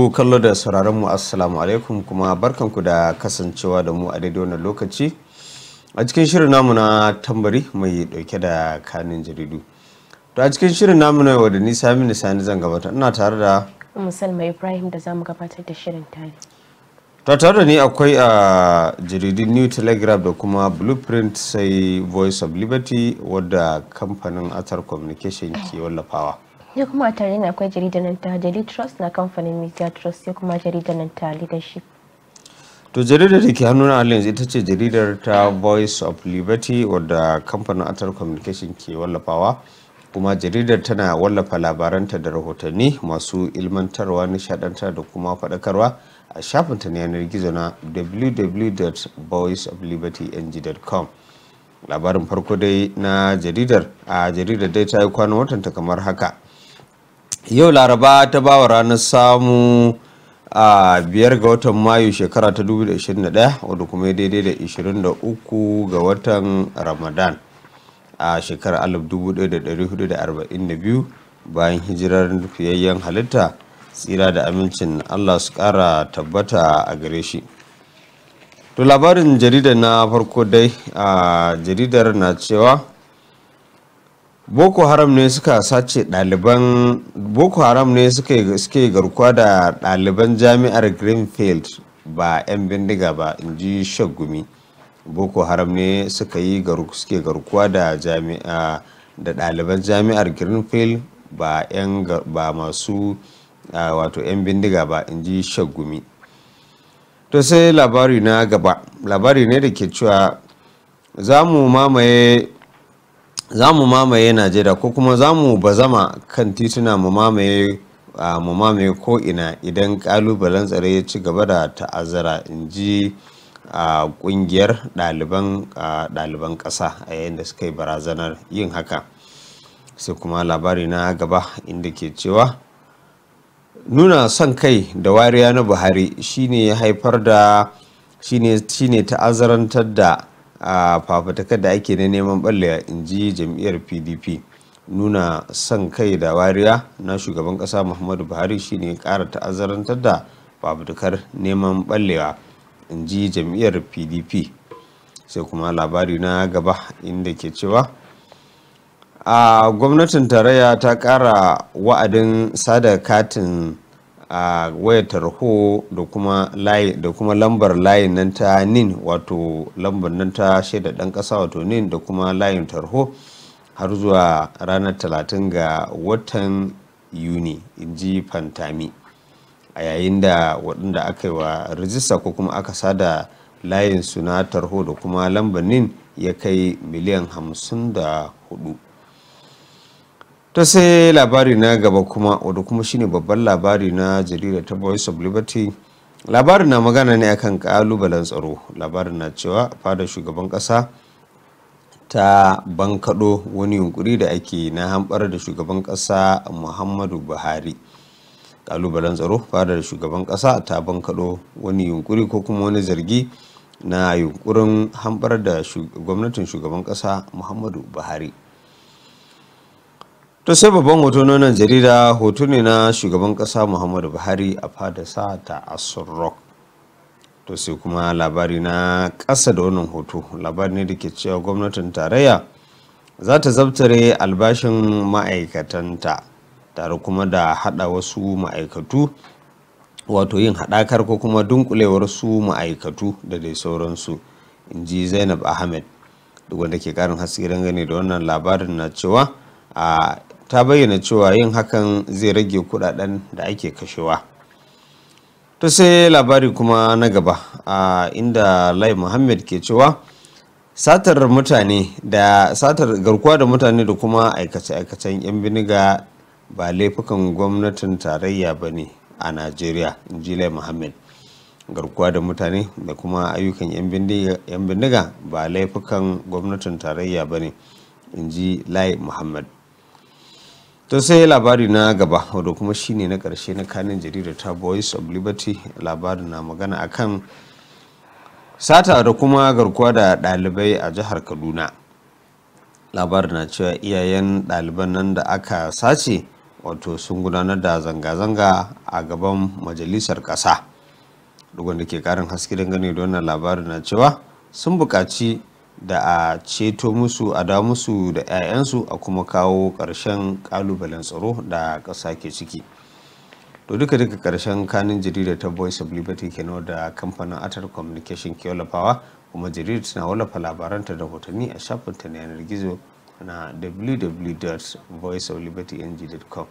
Ku kallo da sauraron mu assalamu alaikum kuma barkanku da kasancewa da mu a daidai wannan lokaci a cikin shirin namu na tambari mai dauke da kanin jaridu. To a cikin shirin namu na yau da ni Sami Sani zan gabata ina tare da Musalma Ibrahim da zamu gabatar da shirin tare. To tare da ni akwai a ah, jaridun New Telegraph da kuma Blueprint sai Voice of Liberty wadda kamfanin Atar Communication ke wallafawa. ya kuma a tare akwai jaridar nan ta daily trust na kamfanin media trust ya kuma jaridar nan ta leadership to jaridar da ke hannun alliance ita ce jaridar ta voice of liberty wadda kamfanin atar communication ke wallafawa kuma jaridar tana wallafa labaranta da rahotanni masu ilmantarwa nishadantar da kuma faɗakarwa a shafinta na yanar gizo na www.voiceoflibertyng.com labarin farko dai na jaridar a jaridar dai ta yi kwanan watanta kamar haka yau laraba ta bawa ranar samu a biyar ga watan mayu shekara ta 2021 wadda kuma ya daidai da 23 ga watan ramadan a shekarar 1442 bayan hijirar fiyayyen halitta tsira da amincin allah su kara tabbata a gare shi to labarin jaridar na farko dai a jaridar na cewa boko haram ne suka sace ɗaliban boko haram ne suke garkuwa da ɗaliban jami'ar greenfield ba 'yan bindiga ba in ji shagumi boko haram ne suka yi suke garkuwa da jami'a da ɗaliban jami'ar greenfield ba 'yan ba masu wato 'yan bindiga ba in ji shagumi to sai labari na gaba labari ne da ke cewa za mu mamaye za mu mamaye najeriya ko kuma za mu bazama kan tituna mu mamaye mu mamaye ko ina idan kalubalen tsare ya ci gaba da ta'azzara in ji a kungiyar ɗaliban ƙasa a yayin da suka yi barazanar yin haka sai kuma labari na gaba inda ke cewa nuna son kai da wariya na buhari shine ya haifar da shine ta'azzarantar da a fafatakar da ake na neman ɓallewa in ji jam'iyyar pdp nuna son kai da wariya na shugaban ƙasa muhammadu buhari shine ƙara ta'azzarantar da fafatakar neman ɓallewa in ji jam'iyyar pdp sai kuma labari na gaba inda ke cewa a gwamnatin tarayya ta ƙara wa'adin sada katin a wayar tarho da kuma lambar layin nan ta nin wato lambar nan ta shaida dan kasa wato nin da kuma layin tarho har zuwa ranar talatin ga watan yuni in ji fantami a yayin da waɗanda aka yi wa rijista ko kuma aka sada layin su na tarho da kuma lambar nin ya kai miliyan hamsin da hudu. ta sai labari na gaba kuma wadda kuma shine babban labari na jarida ta voice of liberty labarin na magana ne akan kalubalen tsaro labarin na cewa fadar shugaban kasa ta bankaɗo wani yunkuri da ake na hambar da shugaban kasa muhammadu buhari kalubalen tsaro fadar shugaban kasa ta bankaɗo wani yunkuri ko kuma wani zargi na yunkurin hambar da gwamnatin shugaban kasa muhammadu buhari to sai babban hoto nan jarida hoto ne na shugaban kasa muhammadu buhari a fadarsa ta asur rock to sai kuma labari na ƙasa da wannan hoto labari ne da ke cewa gwamnatin tarayya za ta zabtare albashin ma'aikatanta tare kuma da hada wasu ma'aikatu wato yin hadakar ko kuma dunkulewar su ma'aikatu da dai sauransu in ji zainab ahmed duk wanda ke karin haske dangane da wannan labarin na cewa a ta bayyana cewa yin hakan zai rage kudaden da ake kashewa ta sai labari kuma na gaba a inda lai muhammad ke cewa satar mutane da satar garkuwa da mutane da kuma aikace-aikacen 'yan biniga ba laifukan gwamnatin tarayya ba ne a najeriya inji lai muhammad garkuwa da mutane da kuma ayyukan 'yan bindiga ba laifukan gwamnatin tarayya ba ne in ji lai muhammad to sai labari na gaba wadda kuma shine na karshe na kanin jaridar ta voice of liberty labarin na magana akan sata da kuma garkuwa da ɗalibai a jihar kaduna labari na cewa iyayen ɗaliban nan da aka sace wato sun gudanar da zanga-zanga a gaban majalisar ƙasa duk wanda ke karin haske dangane da wannan labarin na cewa sun buƙaci da a ceto musu a da musu da 'ya'yansu a kuma kawo ƙarshen ƙalubalen tsaro da ƙasa ke ciki to duka duka karshen kanin jarida ta voice of liberty kenan da kamfanin atar communication ke wallafawa kuma jaridar tana wallafa labaranta da hotanni a shafinta na yanar gizo na www.voiceoflibertyng.com